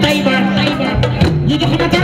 tay ba ñi nga xamante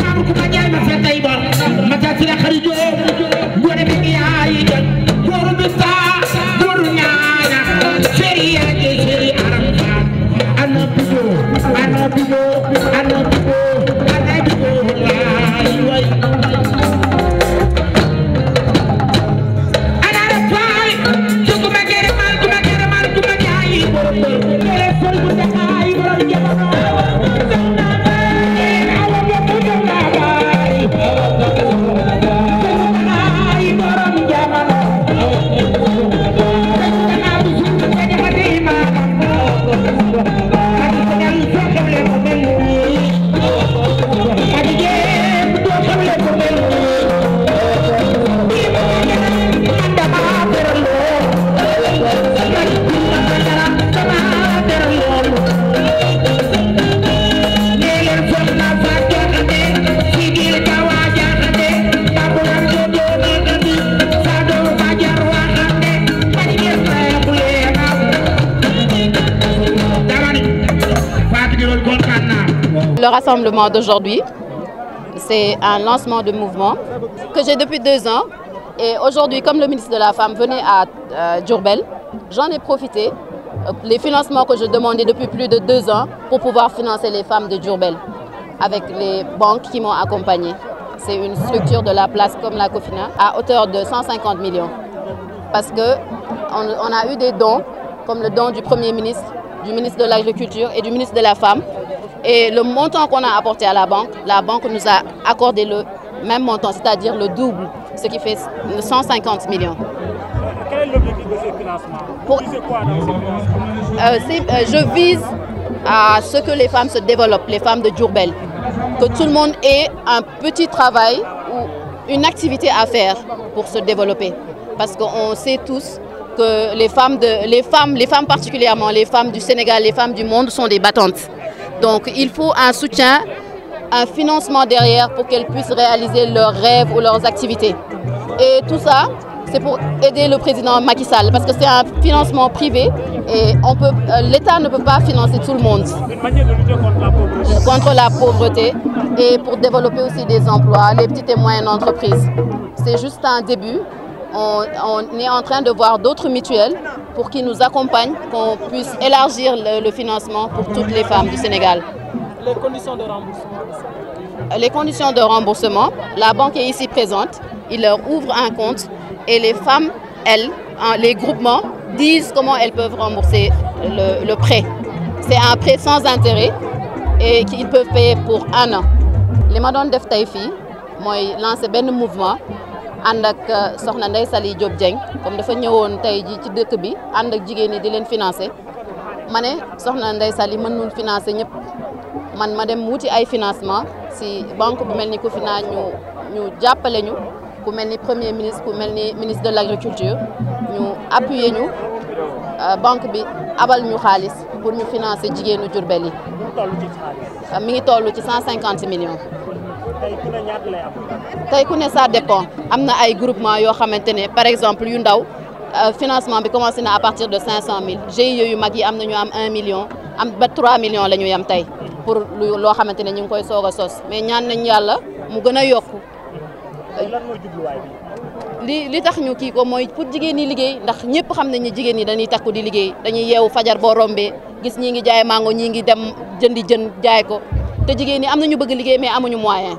Le rassemblement d'aujourd'hui, c'est un lancement de mouvement que j'ai depuis deux ans. Et aujourd'hui, comme le ministre de la Femme venait à euh, Djourbel, j'en ai profité, euh, les financements que je demandais depuis plus de deux ans, pour pouvoir financer les femmes de Djourbel, avec les banques qui m'ont accompagnée. C'est une structure de la place comme la Cofina, à hauteur de millions. Parce que a eu des dons, comme le don du Premier ministre, du ministre de l'Agriculture et la Femme, le montant qu'on a apporté à la banque, la banque nous a accordé le même montant, c'est-à-dire le double, ce qui fait millions. Euh, euh, je vise à ce que les femmes se développent, les femmes de Djourbel. Que tout le monde ait un petit travail ou une activité à faire pour se développer. Parce qu'on sait tous que les femmes, de, les, femmes, les femmes particulièrement, les femmes du Sénégal, les femmes du monde sont des battantes. Donc il faut un soutien, un financement derrière pour qu'elles puissent réaliser leurs rêves ou leurs activités. Et tout ça, c'est pour aider le président Macky Sall parce que c'est un financement privé et on peut euh, l'État ne peut pas financer tout le monde. Une manière de lutter contre la pauvreté. Contre la pauvreté et pour développer aussi des emplois, les petites et moyennes entreprises. C'est juste un début. on, on, est en train de voir d'autres mutuelles pour qu'ils nous accompagnent, qu'on puisse élargir le, financement pour toutes les femmes du Sénégal. Les conditions de remboursement Les la banque est ici présente, il leur ouvre un compte et les femmes, elles, les groupements, disent comment elles le, le prêt. C'est un prêt sans intérêt et qu'ils peuvent payer pour un an. li ma doon def tey fii mooy lancer benn mouvement ànd ak euh, soxna ndeysal yi Diop Dieng comme dafa ñëwoon tey ji ci dëkk bi ànd ak jigéen ñi di leen financé ma ne soxna Ndeye yi mën nun financé ñëpp man ma dem wuti ay financement si banque bu mel ni Cofina ñu ñu jàppale ñu ku mel ni premier ministre ku mel ni ministre de l' agriculture ñu appuyer ñu euh, banque bi abal ñu xaalis pour ñu financer jigéenu Jurbel yi euh, mi ngi toll ci 150 millions tey ku ne sa lay am. dépend am na ay groupement yoo xamante ne par exemple yu ndaw euh, financement bi commencé na à partir de 500000 GIE yu mag yi am na ñu am 1 million am ba 3 millions la ñu yem tey pour loo xamante ne ñu ngi koy soog a sos mais ñaan nañ yàlla mu gën a yokku. lan li li tax ñu kii ko mooy pour jigéen ñi liggéey ndax ñëpp xam nañ ne jigéen ñi dañuy takku di liggéey dañuy yeewu fajar boo rombee gis ñi ngi jaay mango ñii ngi dem jëndi jën jaay ko te jigéen ñi am na bëgg liggéey mais amuñu moyen